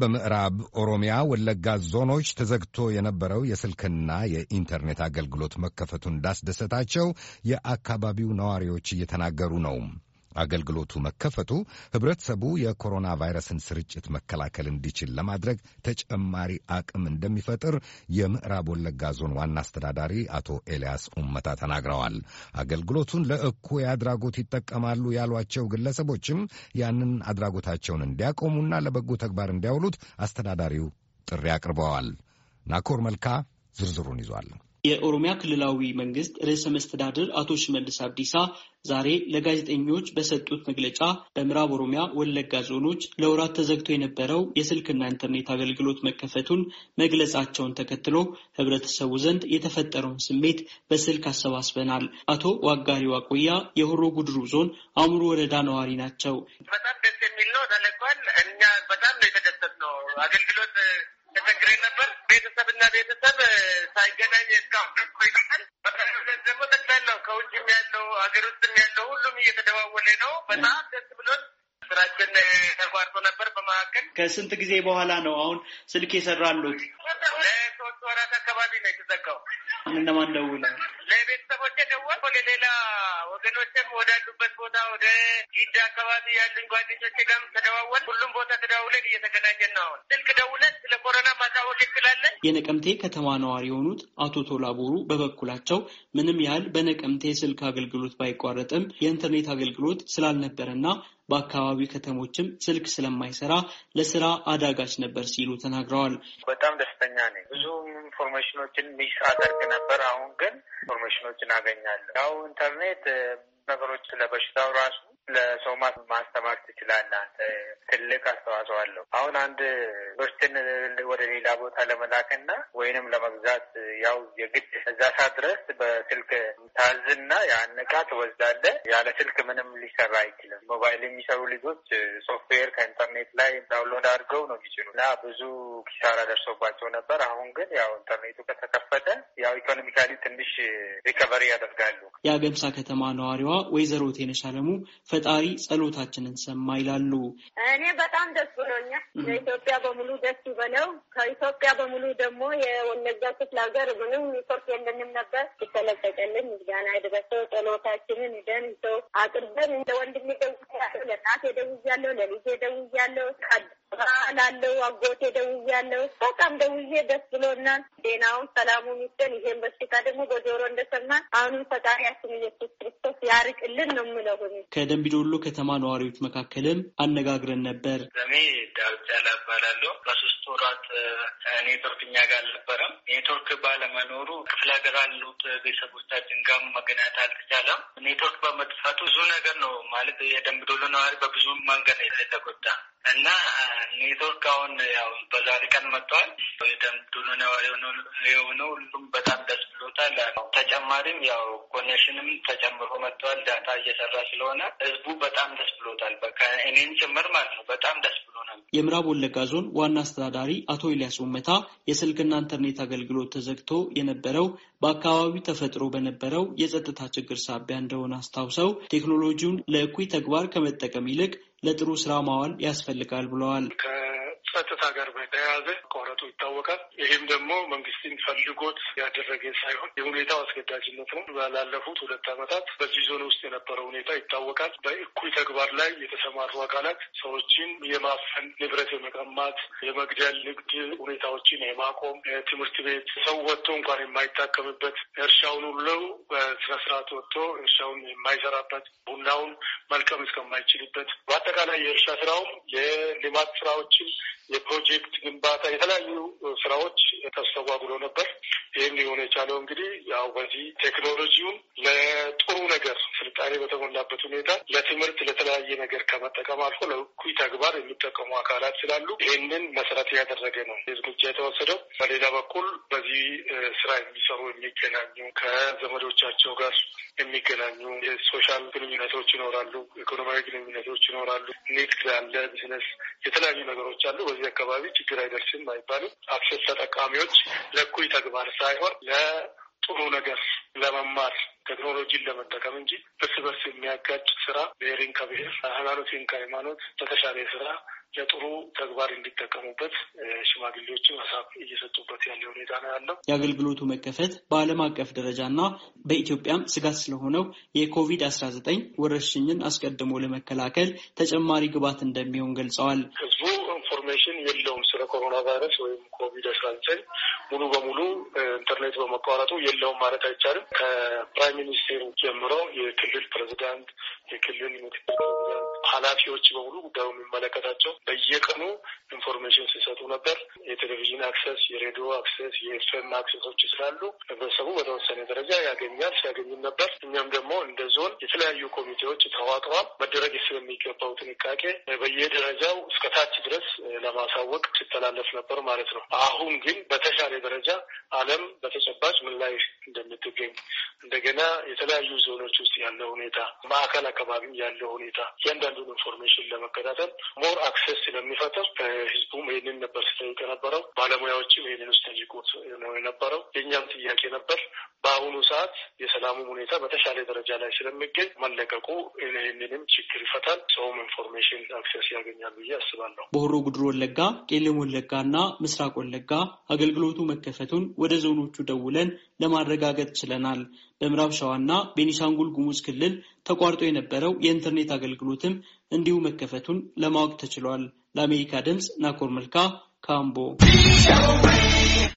በምዕራብ ኦሮሚያ ወለጋ ዞኖች ተዘግቶ የነበረው የስልክና የኢንተርኔት አገልግሎት መከፈቱን እንዳስደሰታቸው የአካባቢው ነዋሪዎች እየተናገሩ ነው። አገልግሎቱ መከፈቱ ህብረተሰቡ የኮሮና ቫይረስን ስርጭት መከላከል እንዲችል ለማድረግ ተጨማሪ አቅም እንደሚፈጥር የምዕራብ ወለጋ ዞን ዋና አስተዳዳሪ አቶ ኤልያስ ኡመታ ተናግረዋል። አገልግሎቱን ለእኩይ አድራጎት ይጠቀማሉ ያሏቸው ግለሰቦችም ያንን አድራጎታቸውን እንዲያቆሙና ለበጎ ተግባር እንዲያውሉት አስተዳዳሪው ጥሪ አቅርበዋል። ናኮር መልካ ዝርዝሩን ይዟል። የኦሮሚያ ክልላዊ መንግስት ርዕሰ መስተዳድር አቶ ሽመልስ አብዲሳ ዛሬ ለጋዜጠኞች በሰጡት መግለጫ በምዕራብ ኦሮሚያ ወለጋ ዞኖች ለወራት ተዘግቶ የነበረው የስልክና ኢንተርኔት አገልግሎት መከፈቱን መግለጻቸውን ተከትሎ ህብረተሰቡ ዘንድ የተፈጠረውን ስሜት በስልክ አሰባስበናል። አቶ ዋጋሪ ዋቆያ የሆሮ ጉድሩ ዞን አእምሮ ወረዳ ነዋሪ ናቸው። በጣም ደስ የሚል ነው። እኛ በጣም ነው የተደሰት ነው አገልግሎት ተቸግሬ ነበር። እና ቤተሰብ ሳይገናኝ እስካሁን ቆይተናል። ደግሞ ከውጭም ያለው ሀገር ውስጥም ያለው ሁሉም እየተደዋወለ ነው። በጣም ደስ ብሎን ስራችን ተቋርጦ ነበር። በመካከል ከስንት ጊዜ በኋላ ነው አሁን ስልክ የሰራሉት? ለሶስት ወራት አካባቢ ነው የተዘጋው። እነማን ደውለህ? ለቤተሰቦቼ ደወልኩ። ለሌላ ወገኖችም ወዳሉበት ቦታ ወደ ጂዳ አካባቢ ያሉን ጓደኞቼ ጋርም ተደዋወል። ሁሉም ቦታ ተደዋውለን እየተገናኘን ነው። አሁን ስልክ ደውለን ስለ ኮሮና ማሳወቅ እንችላለን። የነቀምቴ ከተማ ነዋሪ የሆኑት አቶ ቶላቦሩ በበኩላቸው ምንም ያህል በነቀምቴ ስልክ አገልግሎት ባይቋረጥም የኢንተርኔት አገልግሎት ስላልነበረና በአካባቢው ከተሞችም ስልክ ስለማይሰራ ለስራ አዳጋች ነበር ሲሉ ተናግረዋል። በጣም ደስተኛ ነኝ። ብዙ ኢንፎርሜሽኖችን ሚስ አደርግ ነበር። አሁን ግን ኢንፎርሜሽኖችን አገኛለሁ። ያው ኢንተርኔት ነገሮች ስለበሽታው ራሱ ለሰው ማስተማር ትችላለህ። አንተ ትልቅ አስተዋጽኦ አለው። አሁን አንድ ምርትን ወደ ሌላ ቦታ ለመላክና ወይንም ለመግዛት ያው የግድ እዛ ድረስ በስልክ ታዝና ያን ዕቃ ትወስዳለህ። ያለ ስልክ ምንም ሊሰራ አይችልም። ሞባይል የሚሰሩ ልጆች ሶፍትዌር ከኢንተርኔት ላይ ዳውንሎድ አድርገው ነው የሚችሉ እና ብዙ ኪሳራ ደርሶባቸው ነበር። አሁን ግን ያው ኢንተርኔቱ ከተከፈተ ያው ኢኮኖሚካሊ ትንሽ ሪከቨሪ ያደርጋሉ። የአገምሳ ከተማ ነዋሪዋ ወይዘሮ ቴነሽ አለሙ ፈጣሪ ጸሎታችንን ሰማ ይላሉ። እኔ በጣም ደስ ብሎኛል። ለኢትዮጵያ በሙሉ ደስ ይበለው። ከኢትዮጵያ በሙሉ ደግሞ የወለጋ ክፍለ ሀገር ምንም ሪፖርት የለንም ነበር። ይተለቀቀልን ምስጋና የደረሰው ጸሎታችንን ደን ሰው አቅርበን እንደ ወንድሜ ደውያለሁ፣ ለእናቴ ደውያለሁ፣ ለልጄ ደውያለሁ ላለው አጎቴ ደውያለሁ። በጣም ደውዬ ደስ ብሎናል። ዜናውን ሰላሙ ሚስጠን። ይሄን በሽታ ደግሞ በጆሮ እንደሰማን አሁንም ፈጣሪያችን ኢየሱስ ክርስቶስ ያርቅልን ነው የምለው እኔ በእምቢዶሎ ከተማ ነዋሪዎች መካከልም አነጋግረን ነበር። ስሜ ዳዊት ጫላ በሶስት ወራት ኔትወርክ እኛ ጋር አልነበረም። ኔትወርክ ባለመኖሩ ክፍለ ሀገር ያሉት ቤተሰቦቻችን ጋር መገናኘት አልተቻለም። ኔትወርክ በመጥፋቱ ብዙ ነገር ነው ማለት የደምቢዶሎ ነዋሪ በብዙ መንገድ የተጎዳ እና ኢትዮጵያ አሁን ያው በዛሬ ቀን መጥተዋል። የደምዱን የሆነ ሁሉም በጣም ደስ ብሎታል። ተጨማሪም ያው ኮኔክሽንም ተጨምሮ መጥተዋል። ዳታ እየሰራ ስለሆነ ህዝቡ በጣም ደስ ብሎታል። በቃ እኔን ጭምር ማለት ነው በጣም ደስ ብሎናል። የምዕራብ ወለጋ ዞን ዋና አስተዳዳሪ አቶ ኢልያስ ውመታ የስልክና ኢንተርኔት አገልግሎት ተዘግቶ የነበረው በአካባቢው ተፈጥሮ በነበረው የጸጥታ ችግር ሳቢያ እንደሆነ አስታውሰው ቴክኖሎጂውን ለእኩይ ተግባር ከመጠቀም ይልቅ ለጥሩ ስራ ማዋል ያስፈልጋል ብለዋል። ጸጥታ ጋር በተያያዘ መቋረጡ ይታወቃል። ይህም ደግሞ መንግስትን ፈልጎት ያደረገ ሳይሆን የሁኔታው አስገዳጅነት ነው። ላለፉት ሁለት ዓመታት በዚህ ዞን ውስጥ የነበረው ሁኔታ ይታወቃል። በእኩይ ተግባር ላይ የተሰማሩ አካላት ሰዎችን የማፈን ንብረት የመቀማት የመግደል ንግድ ሁኔታዎችን የማቆም ትምህርት ቤት ሰው ወጥቶ እንኳን የማይታከምበት እርሻውን ሁሉ በስነስርዓት ወጥቶ እርሻውን የማይሰራበት ቡናውን መልቀም እስከማይችልበት በአጠቃላይ የእርሻ ስራውም የልማት ስራዎችን የፕሮጀክት ግንባታ የተለያዩ ስራዎች ተስተጓጉሎ ነበር። ይህም ሊሆን የቻለው እንግዲህ ያው በዚህ ቴክኖሎጂውን ለጥሩ ነገር ስልጣኔ በተሞላበት ሁኔታ ለትምህርት ለተለያየ ነገር ከመጠቀም አልፎ ለእኩይ ተግባር የሚጠቀሙ አካላት ስላሉ ይህንን መሰረት ያደረገ ነው እርምጃ የተወሰደው። በሌላ በኩል በዚህ ስራ የሚሰሩ የሚገናኙ ከዘመዶቻቸው ጋር የሚገናኙ የሶሻል ግንኙነቶች ይኖራሉ፣ ኢኮኖሚያዊ ግንኙነቶች ይኖራሉ። ንግድ ያለ ቢዝነስ፣ የተለያዩ ነገሮች አሉ። በዚህ አካባቢ ችግር አይደርስም አይባልም። አክሴስ ተጠቃሚዎች ለእኩይ ተግባር ሳይሆን ለጥሩ ነገር ለመማር ቴክኖሎጂን ለመጠቀም እንጂ እርስ በርስ የሚያጋጭ ስራ ብሔርን ከብሔር ሃይማኖትን ከሃይማኖት በተሻለ ስራ ለጥሩ ተግባር እንዲጠቀሙበት ሽማግሌዎችም ሀሳብ እየሰጡበት ያለ ሁኔታ ነው ያለው። የአገልግሎቱ መከፈት በዓለም አቀፍ ደረጃና በኢትዮጵያም ስጋት ስለሆነው የኮቪድ አስራ ዘጠኝ ወረርሽኝን አስቀድሞ ለመከላከል ተጨማሪ ግብዓት እንደሚሆን ገልጸዋል። ህዝቡ ኢንፎርሜሽን ኮሮና ቫይረስ ወይም ኮቪድ አስራ ዘጠኝ ሙሉ በሙሉ ኢንተርኔት በመቋረጡ የለውም ማለት አይቻልም። ከፕራይም ሚኒስቴሩ ጀምሮ የክልል ፕሬዚዳንት፣ የክልል ምክትል ፕሬዚዳንት ኃላፊዎች በሙሉ ጉዳዩ የሚመለከታቸው በየቀኑ ኢንፎርሜሽን ሲሰጡ ነበር። የቴሌቪዥን አክሰስ፣ የሬዲዮ አክሰስ፣ የኤፍኤም አክሰሶች ስላሉ ህብረተሰቡ በተወሰነ ደረጃ ያገኛል፣ ሲያገኝም ነበር። እኛም ደግሞ እንደ ዞን የተለያዩ ኮሚቴዎች ተዋቅሯል። መደረግ ስለሚገባው ጥንቃቄ በየደረጃው እስከ ታች ድረስ ለማሳወቅ ሲተላለፍ ነበር ማለት ነው። አሁን ግን በተሻለ ደረጃ ዓለም በተጨባጭ ምን ላይ እንደምትገኝ እንደገና የተለያዩ ዞኖች ውስጥ ያለው ሁኔታ፣ ማዕከል አካባቢ ያለው ሁኔታ እያንዳንዱን ኢንፎርሜሽን ለመከታተል ሞር አክሰስ ስለሚፈጠር ህዝቡም ይህንን ነበር ስለይቀ ነበረው። ባለሙያዎችም ይህንን ውስጥ ጠይቁት ነው የነበረው። የእኛም ጥያቄ ነበር። በአሁኑ ሰዓት የሰላሙ ሁኔታ በተሻለ ደረጃ ላይ ስለሚገኝ መለቀቁ ይህንንም ችግር ይፈታል፣ ሰውም ኢንፎርሜሽን አክሴስ ያገኛል ብዬ አስባለሁ። በሆሮ ጉድሮ ወለጋ፣ ቄለም ወለጋ እና ምስራቅ ወለጋ አገልግሎቱ መከፈቱን ወደ ዞኖቹ ደውለን ለማረጋገጥ ችለናል። በምዕራብ ሸዋና ቤኒሻንጉል ጉሙዝ ክልል ተቋርጦ የነበረው የኢንተርኔት አገልግሎትም እንዲሁ መከፈቱን ለማወቅ ተችሏል። ለአሜሪካ ድምፅ ናኮር መልካ Kambo.